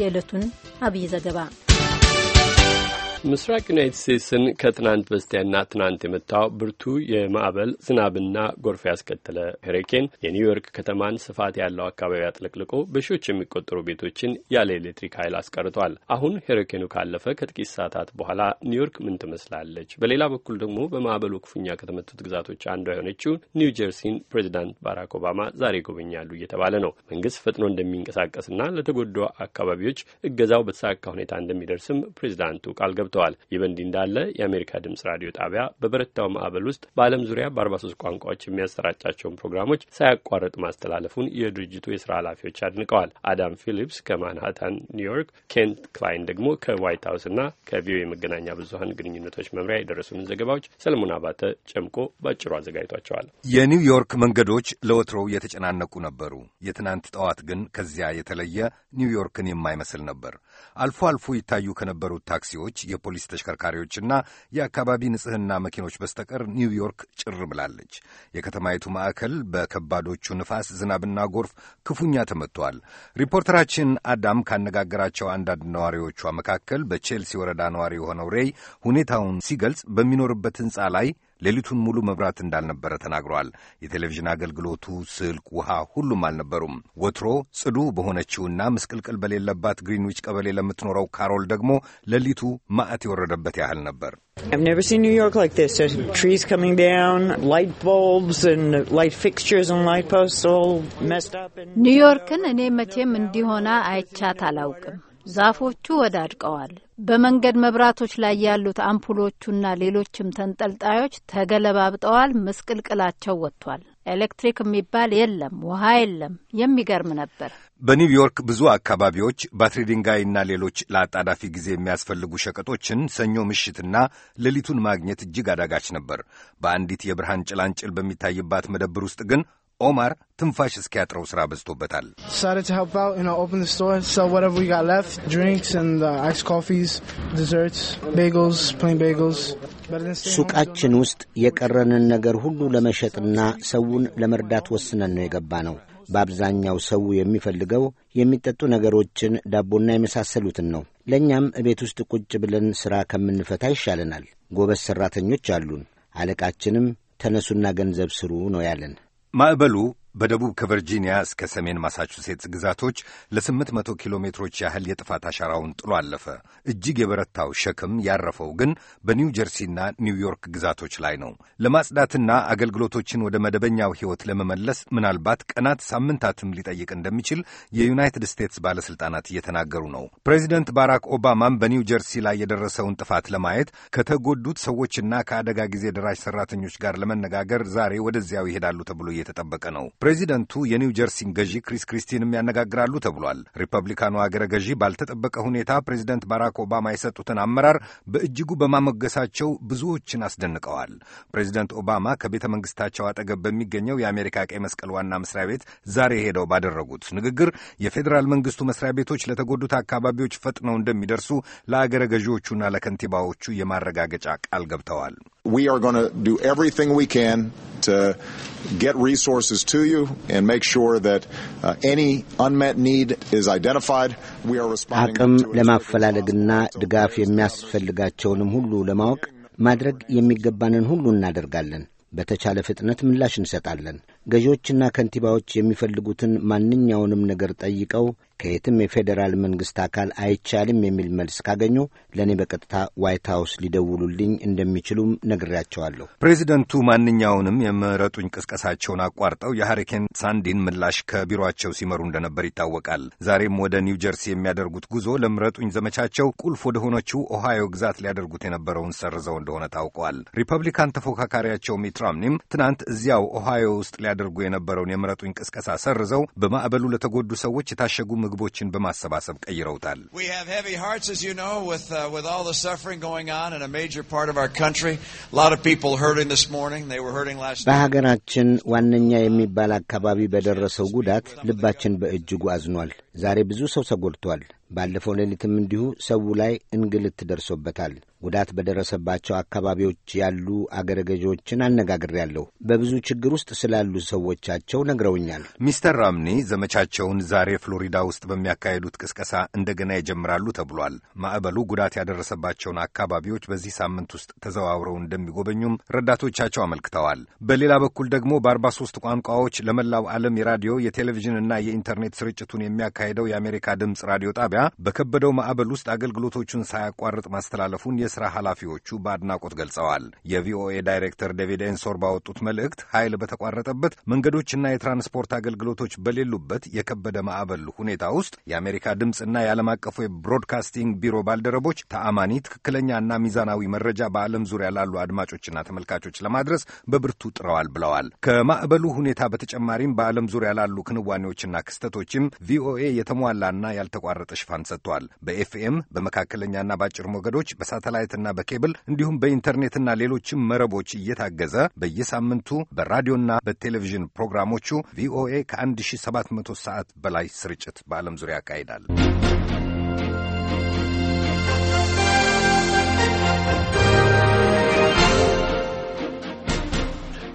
የዕለቱን አብይ ዘገባ ምስራቅ ዩናይትድ ስቴትስን ከትናንት በስቲያና ትናንት የመታው ብርቱ የማዕበል ዝናብና ጎርፍ ያስከተለ ሄሪኬን የኒውዮርክ ከተማን ስፋት ያለው አካባቢ አጥለቅልቆ በሺዎች የሚቆጠሩ ቤቶችን ያለ ኤሌክትሪክ ኃይል አስቀርቷል። አሁን ሄሪኬኑ ካለፈ ከጥቂት ሰዓታት በኋላ ኒውዮርክ ምን ትመስላለች? በሌላ በኩል ደግሞ በማዕበሉ ክፉኛ ከተመቱት ግዛቶች አንዷ የሆነችው ኒው ጀርሲን ፕሬዚዳንት ባራክ ኦባማ ዛሬ ይጎበኛሉ እየተባለ ነው። መንግስት ፈጥኖ እንደሚንቀሳቀስና ለተጎዱ አካባቢዎች እገዛው በተሳካ ሁኔታ እንደሚደርስም ፕሬዚዳንቱ ቃል ገብቷል። አሰናብተዋል። ይህ በእንዲህ እንዳለ የአሜሪካ ድምጽ ራዲዮ ጣቢያ በበረታው ማዕበል ውስጥ በዓለም ዙሪያ በ43 ቋንቋዎች የሚያሰራጫቸውን ፕሮግራሞች ሳያቋርጥ ማስተላለፉን የድርጅቱ የስራ ኃላፊዎች አድንቀዋል። አዳም ፊሊፕስ ከማንሃታን ኒውዮርክ፣ ኬንት ክላይን ደግሞ ከዋይት ሀውስ እና ከቪኦኤ መገናኛ ብዙሀን ግንኙነቶች መምሪያ የደረሱን ዘገባዎች ሰለሞን አባተ ጨምቆ በአጭሩ አዘጋጅቷቸዋል። የኒውዮርክ መንገዶች ለወትሮው የተጨናነቁ ነበሩ። የትናንት ጠዋት ግን ከዚያ የተለየ ኒውዮርክን የማይመስል ነበር። አልፎ አልፎ ይታዩ ከነበሩት ታክሲዎች የፖሊስ ተሽከርካሪዎችና የአካባቢ ንጽህና መኪኖች በስተቀር ኒውዮርክ ጭር ብላለች። የከተማይቱ ማዕከል በከባዶቹ ንፋስ፣ ዝናብና ጎርፍ ክፉኛ ተመትቷል። ሪፖርተራችን አዳም ካነጋገራቸው አንዳንድ ነዋሪዎቿ መካከል በቼልሲ ወረዳ ነዋሪ የሆነው ሬይ ሁኔታውን ሲገልጽ በሚኖርበት ህንፃ ላይ ሌሊቱን ሙሉ መብራት እንዳልነበረ ተናግሯል። የቴሌቪዥን አገልግሎቱ፣ ስልክ፣ ውሃ ሁሉም አልነበሩም። ወትሮ ጽዱ በሆነችውና ምስቅልቅል በሌለባት ግሪንዊች ቀበሌ ለምትኖረው ካሮል ደግሞ ሌሊቱ ማዕት የወረደበት ያህል ነበር። ኒውዮርክን እኔ መቼም እንዲሆና አይቻት አላውቅም። ዛፎቹ ወዳድቀዋል። በመንገድ መብራቶች ላይ ያሉት አምፑሎቹና ሌሎችም ተንጠልጣዮች ተገለባብጠዋል። ምስቅልቅላቸው ወጥቷል። ኤሌክትሪክ የሚባል የለም፣ ውሃ የለም። የሚገርም ነበር። በኒውዮርክ ብዙ አካባቢዎች ባትሪ ድንጋይና ሌሎች ለአጣዳፊ ጊዜ የሚያስፈልጉ ሸቀጦችን ሰኞ ምሽትና ሌሊቱን ማግኘት እጅግ አዳጋች ነበር። በአንዲት የብርሃን ጭላንጭል በሚታይባት መደብር ውስጥ ግን ኦማር ትንፋሽ እስኪያጥረው ስራ በዝቶበታል። uh, ሱቃችን ውስጥ የቀረንን ነገር ሁሉ ለመሸጥና ሰውን ለመርዳት ወስነን ነው የገባ ነው። በአብዛኛው ሰው የሚፈልገው የሚጠጡ ነገሮችን፣ ዳቦና የመሳሰሉትን ነው። ለእኛም እቤት ውስጥ ቁጭ ብለን ሥራ ከምንፈታ ይሻለናል። ጎበዝ ሠራተኞች አሉን። አለቃችንም ተነሱና ገንዘብ ስሩ ነው ያለን። ማእበሉ በደቡብ ከቨርጂኒያ እስከ ሰሜን ማሳቹሴትስ ግዛቶች ለ800 ኪሎ ሜትሮች ያህል የጥፋት አሻራውን ጥሎ አለፈ። እጅግ የበረታው ሸክም ያረፈው ግን በኒው ጀርሲና ኒውዮርክ ግዛቶች ላይ ነው። ለማጽዳትና አገልግሎቶችን ወደ መደበኛው ሕይወት ለመመለስ ምናልባት ቀናት፣ ሳምንታትም ሊጠይቅ እንደሚችል የዩናይትድ ስቴትስ ባለሥልጣናት እየተናገሩ ነው። ፕሬዚደንት ባራክ ኦባማም በኒው ጀርሲ ላይ የደረሰውን ጥፋት ለማየት ከተጎዱት ሰዎችና ከአደጋ ጊዜ ደራሽ ሠራተኞች ጋር ለመነጋገር ዛሬ ወደዚያው ይሄዳሉ ተብሎ እየተጠበቀ ነው። ፕሬዚደንቱ የኒው ጀርሲን ገዢ ክሪስ ክሪስቲንም ያነጋግራሉ ተብሏል። ሪፐብሊካኑ አገረ ገዢ ባልተጠበቀ ሁኔታ ፕሬዚደንት ባራክ ኦባማ የሰጡትን አመራር በእጅጉ በማሞገሳቸው ብዙዎችን አስደንቀዋል። ፕሬዚደንት ኦባማ ከቤተ መንግስታቸው አጠገብ በሚገኘው የአሜሪካ ቀይ መስቀል ዋና መስሪያ ቤት ዛሬ ሄደው ባደረጉት ንግግር የፌዴራል መንግስቱ መስሪያ ቤቶች ለተጎዱት አካባቢዎች ፈጥነው እንደሚደርሱ ለአገረ ገዢዎቹና ለከንቲባዎቹ የማረጋገጫ ቃል ገብተዋል። We are going to do everything we can to get resources to you and make sure that uh, any unmet need is identified. We are responding ማድረግ የሚገባንን ሁሉ እናደርጋለን። በተቻለ ፍጥነት ምላሽ እንሰጣለን። ገዢዎችና ከንቲባዎች የሚፈልጉትን ማንኛውንም ነገር ጠይቀው ከየትም የፌዴራል መንግሥት አካል አይቻልም የሚል መልስ ካገኙ ለእኔ በቀጥታ ዋይት ሀውስ ሊደውሉልኝ እንደሚችሉም ነግሬያቸዋለሁ። ፕሬዚደንቱ ማንኛውንም የምረጡኝ ቅስቀሳቸውን አቋርጠው የሀሪኬን ሳንዲን ምላሽ ከቢሮቸው ሲመሩ እንደነበር ይታወቃል። ዛሬም ወደ ኒው ጀርሲ የሚያደርጉት ጉዞ ለምረጡኝ ዘመቻቸው ቁልፍ ወደ ሆነችው ኦሃዮ ግዛት ሊያደርጉት የነበረውን ሰርዘው እንደሆነ ታውቋል። ሪፐብሊካን ተፎካካሪያቸው ሚት ትናንት እዚያው ኦሃዮ ውስጥ ሊያደርጉ የነበረውን የምረጡኝ ቅስቀሳ ሰርዘው በማዕበሉ ለተጎዱ ሰዎች የታሸጉ ምግቦችን በማሰባሰብ ቀይረውታል። uh, በሀገራችን ዋነኛ የሚባል አካባቢ በደረሰው ጉዳት ልባችን በእጅጉ አዝኗል። ዛሬ ብዙ ሰው ተጎድቷል። ባለፈው ሌሊትም እንዲሁ ሰው ላይ እንግልት ደርሶበታል። ጉዳት በደረሰባቸው አካባቢዎች ያሉ አገረ ገዢዎችን አነጋግሬያለሁ። በብዙ ችግር ውስጥ ስላሉ ሰዎቻቸው ነግረውኛል። ሚስተር ራምኒ ዘመቻቸውን ዛሬ ፍሎሪዳ ውስጥ በሚያካሄዱት ቅስቀሳ እንደገና ይጀምራሉ ተብሏል። ማዕበሉ ጉዳት ያደረሰባቸውን አካባቢዎች በዚህ ሳምንት ውስጥ ተዘዋውረው እንደሚጎበኙም ረዳቶቻቸው አመልክተዋል። በሌላ በኩል ደግሞ በአርባ ሶስት ቋንቋዎች ለመላው ዓለም የራዲዮ የቴሌቪዥንና የኢንተርኔት ስርጭቱን የሚያካሄደው የአሜሪካ ድምፅ ራዲዮ ጣቢያ በከበደው ማዕበል ውስጥ አገልግሎቶቹን ሳያቋርጥ ማስተላለፉን የሥራ ኃላፊዎቹ በአድናቆት ገልጸዋል። የቪኦኤ ዳይሬክተር ዴቪድ ኤንሶር ባወጡት መልእክት ኃይል በተቋረጠበት መንገዶችና የትራንስፖርት አገልግሎቶች በሌሉበት የከበደ ማዕበል ሁኔታ ውስጥ የአሜሪካ ድምፅና የዓለም አቀፉ የብሮድካስቲንግ ቢሮ ባልደረቦች ተአማኒ፣ ትክክለኛና ሚዛናዊ መረጃ በዓለም ዙሪያ ላሉ አድማጮችና ተመልካቾች ለማድረስ በብርቱ ጥረዋል ብለዋል። ከማዕበሉ ሁኔታ በተጨማሪም በዓለም ዙሪያ ላሉ ክንዋኔዎችና ክስተቶችም ቪኦኤ የተሟላና ያልተቋረጠ ሽፋን ሰጥቷል። በኤፍኤም በመካከለኛና በአጭር ሞገዶች በሳተላይትና በኬብል እንዲሁም በኢንተርኔትና ሌሎችም መረቦች እየታገዘ በየሳምንቱ በራዲዮና በቴሌቪዥን ፕሮግራሞቹ ቪኦኤ ከ1700 ሰዓት በላይ ስርጭት በዓለም ዙሪያ ያካሂዳል።